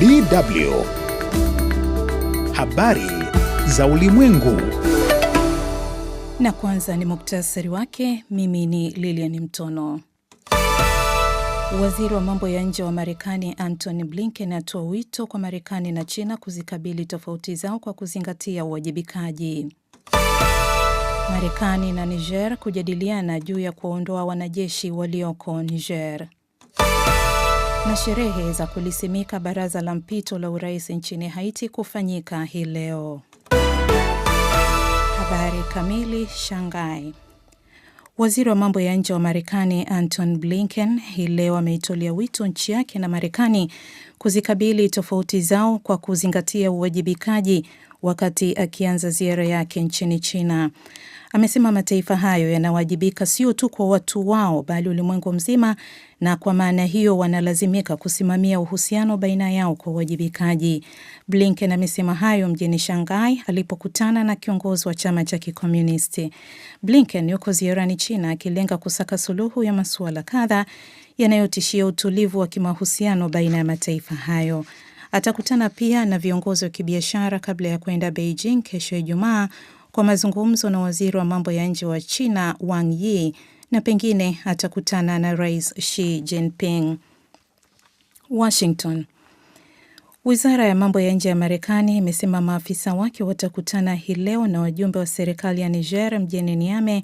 DW. Habari za Ulimwengu. Na kwanza ni muktasari wake. Mimi ni Lilian Mtono. Waziri wa mambo ya nje wa Marekani Antony Blinken atoa wito kwa Marekani na China kuzikabili tofauti zao kwa kuzingatia uwajibikaji. Marekani na Niger kujadiliana juu ya kuwaondoa wanajeshi walioko Niger. Na sherehe za kulisimika baraza la mpito la urais nchini Haiti kufanyika hii leo. Habari kamili. Shanghai. Waziri wa mambo ya nje wa Marekani Anton Blinken hii leo ameitolea wito nchi yake na Marekani kuzikabili tofauti zao kwa kuzingatia uwajibikaji wakati akianza ziara yake nchini China. Amesema mataifa hayo yanawajibika sio tu kwa watu wao, bali ulimwengu mzima, na kwa maana hiyo wanalazimika kusimamia uhusiano baina yao kwa uwajibikaji. Blinken amesema hayo mjini Shanghai alipokutana na kiongozi wa chama cha Kikomunisti. Blinken yuko ziarani China akilenga kusaka suluhu ya masuala kadha yanayotishia utulivu wa kimahusiano baina ya mataifa hayo. Atakutana pia na viongozi wa kibiashara kabla ya kwenda Beijing kesho Ijumaa kwa mazungumzo na waziri wa mambo ya nje wa China Wang Yi na pengine atakutana na Rais Xi Jinping. Washington. Wizara ya mambo ya nje ya Marekani imesema maafisa wake watakutana hii leo na wajumbe wa serikali ya Niger mjini Niamey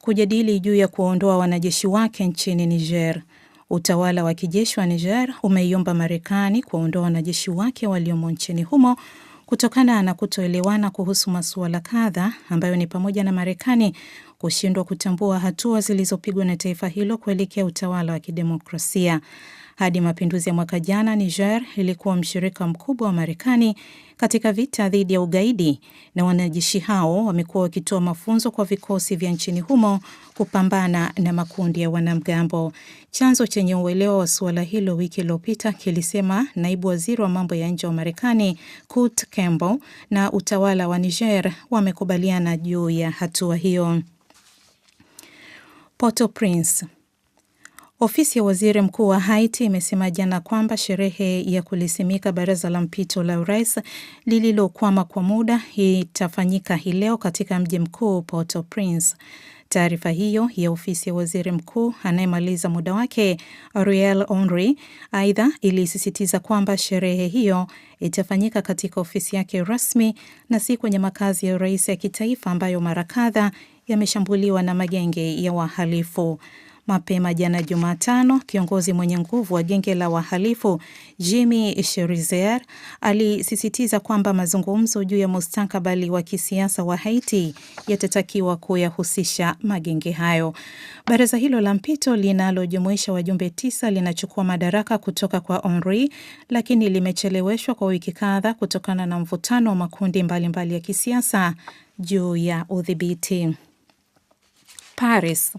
kujadili juu ya kuwaondoa wanajeshi wake nchini Niger. Utawala wa kijeshi wa Niger umeiomba Marekani kuwaondoa wanajeshi wake waliomo nchini humo kutokana na kutoelewana kuhusu masuala kadha ambayo ni pamoja na Marekani kushindwa kutambua hatua zilizopigwa na taifa hilo kuelekea utawala wa kidemokrasia. Hadi mapinduzi ya mwaka jana, Niger ilikuwa mshirika mkubwa wa Marekani katika vita dhidi ya ugaidi, na wanajeshi hao wamekuwa wakitoa mafunzo kwa vikosi vya nchini humo kupambana na makundi ya wanamgambo. Chanzo chenye uelewa wa suala hilo wiki iliyopita kilisema naibu waziri wa mambo ya nje wa Marekani Kurt Campbell na utawala wa Niger wamekubaliana juu ya hatua hiyo. Port-au-Prince. Ofisi ya waziri mkuu wa Haiti imesema jana kwamba sherehe ya kulisimika baraza la mpito la urais lililokwama kwa muda itafanyika hii leo katika mji mkuu Port-au-Prince. Taarifa hiyo ya ofisi ya waziri mkuu anayemaliza muda wake Ariel Henry, aidha ilisisitiza kwamba sherehe hiyo itafanyika katika ofisi yake rasmi na si kwenye makazi ya rais ya kitaifa ambayo mara kadha yameshambuliwa na magenge ya wahalifu. Mapema jana Jumatano, kiongozi mwenye nguvu wa genge la wahalifu Jimmy Cherizier alisisitiza kwamba mazungumzo juu ya mustakabali wa kisiasa wa Haiti yatatakiwa kuyahusisha magenge hayo. Baraza hilo la mpito linalojumuisha wajumbe tisa linachukua madaraka kutoka kwa Omri, lakini limecheleweshwa kwa wiki kadhaa kutokana na mvutano wa makundi mbalimbali mbali ya kisiasa juu ya udhibiti. Paris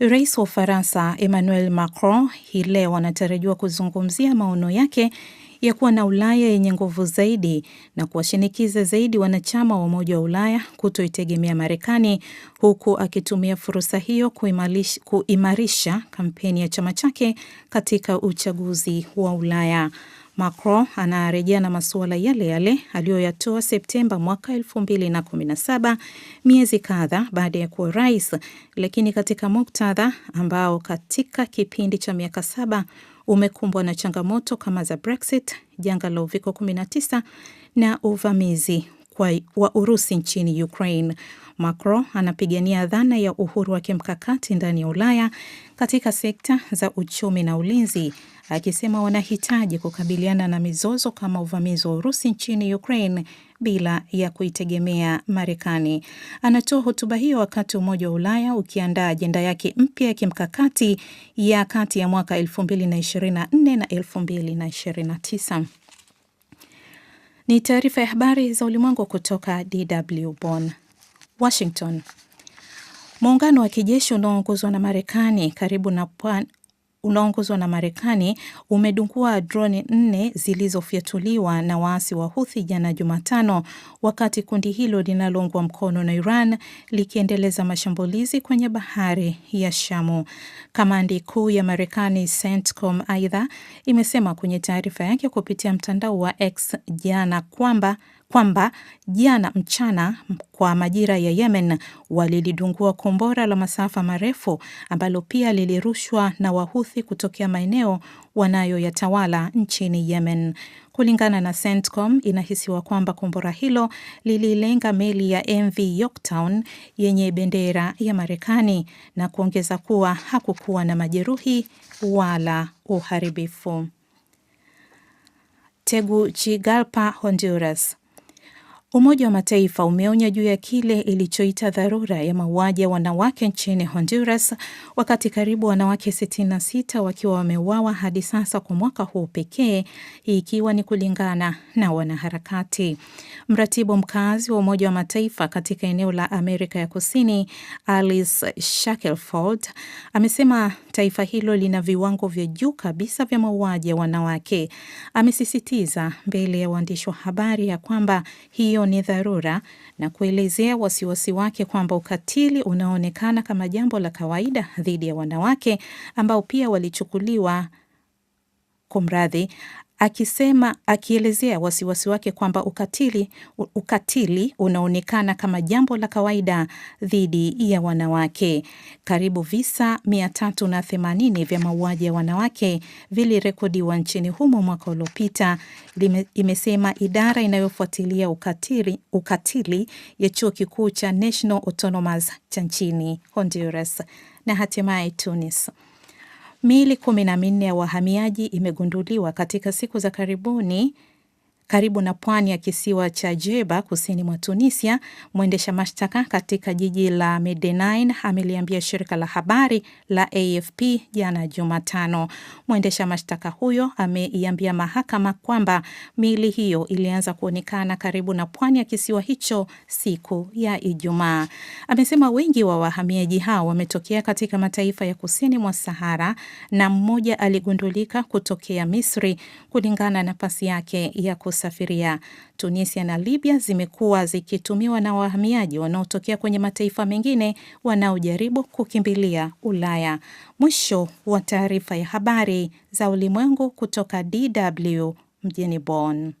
Rais wa Ufaransa Emmanuel Macron hii leo anatarajiwa kuzungumzia maono yake ya kuwa na Ulaya yenye nguvu zaidi na kuwashinikiza zaidi wanachama wa Umoja wa Ulaya kutoitegemea Marekani, huku akitumia fursa hiyo kuimarisha kampeni ya chama chake katika uchaguzi wa Ulaya. Macron anarejea na masuala yale yale aliyoyatoa Septemba mwaka elfu na miezi kadha baada ya kuwa rais, lakini katika muktadha ambao katika kipindi cha miaka saba umekumbwa na changamoto kama za Brexit, janga la uviko 19 na uvamizi kwa wa Urusi nchini Ukraine. Macron anapigania dhana ya uhuru wa kimkakati ndani ya Ulaya katika sekta za uchumi na ulinzi, akisema wanahitaji kukabiliana na mizozo kama uvamizi wa Urusi nchini Ukraine bila ya kuitegemea Marekani. Anatoa hotuba hiyo wakati Umoja wa Ulaya ukiandaa ajenda yake mpya ya kimkakati ya kati ya mwaka 2024 na 2029. Ni taarifa ya habari za ulimwengu kutoka DW Bonn. Washington. Muungano wa kijeshi unaoongozwa na Marekani karibu na unaoongozwa na Marekani umedungua droni nne zilizofyatuliwa na waasi wa Huthi jana Jumatano, wakati kundi hilo linaloungwa mkono na Iran likiendeleza mashambulizi kwenye bahari ya Shamu. Kamandi kuu ya Marekani CENTCOM aidha imesema kwenye taarifa yake kupitia mtandao wa X jana kwamba kwamba jana mchana kwa majira ya Yemen walilidungua kombora la masafa marefu ambalo pia lilirushwa na Wahuthi kutokea maeneo wanayoyatawala nchini Yemen. Kulingana na CENTCOM, inahisiwa kwamba kombora hilo lililenga meli ya MV Yorktown yenye bendera ya Marekani na kuongeza kuwa hakukuwa na majeruhi wala uharibifu. Tegucigalpa, Honduras. Umoja wa Mataifa umeonya juu ya kile ilichoita dharura ya mauaji ya wanawake nchini Honduras, wakati karibu wanawake 66 wakiwa wameuawa hadi sasa kwa mwaka huu pekee, hii ikiwa ni kulingana na wanaharakati. Mratibu mkazi wa Umoja wa Mataifa katika eneo la Amerika ya Kusini, Alice Shackelford, amesema taifa hilo lina viwango vya juu kabisa vya mauaji ya wanawake. Amesisitiza mbele ya waandishi wa habari ya kwamba hiyo ni dharura na kuelezea wasiwasi wake kwamba ukatili unaonekana kama jambo la kawaida dhidi ya wanawake ambao pia walichukuliwa Kumradhi, akisema akielezea wasiwasi wake kwamba ukatili, ukatili unaonekana kama jambo la kawaida dhidi ya wanawake. Karibu visa 380 vya mauaji ya wanawake vilirekodiwa nchini humo mwaka uliopita, imesema idara inayofuatilia ukatili, ukatili ya chuo kikuu cha National Autonomous cha nchini Honduras na hatimaye Tunis. Miili kumi na minne ya wahamiaji imegunduliwa katika siku za karibuni karibu na pwani ya kisiwa cha Jeba kusini mwa Tunisia. Mwendesha mashtaka katika jiji la Medellin ameliambia shirika la habari la AFP jana Jumatano. Mwendesha mashtaka huyo ameiambia mahakama kwamba miili hiyo ilianza kuonekana karibu na pwani ya kisiwa hicho siku ya Ijumaa. Amesema wengi wa wahamiaji hao wametokea katika mataifa ya kusini mwa Sahara na mmoja aligundulika kutokea Misri kulingana na pasi yake ya kusafiria. Tunisia na Libya zimekuwa zikitumiwa na wahamiaji wanaotokea kwenye mataifa mengine wanaojaribu kukimbilia Ulaya. Mwisho wa taarifa ya habari za ulimwengu kutoka DW mjini Bonn.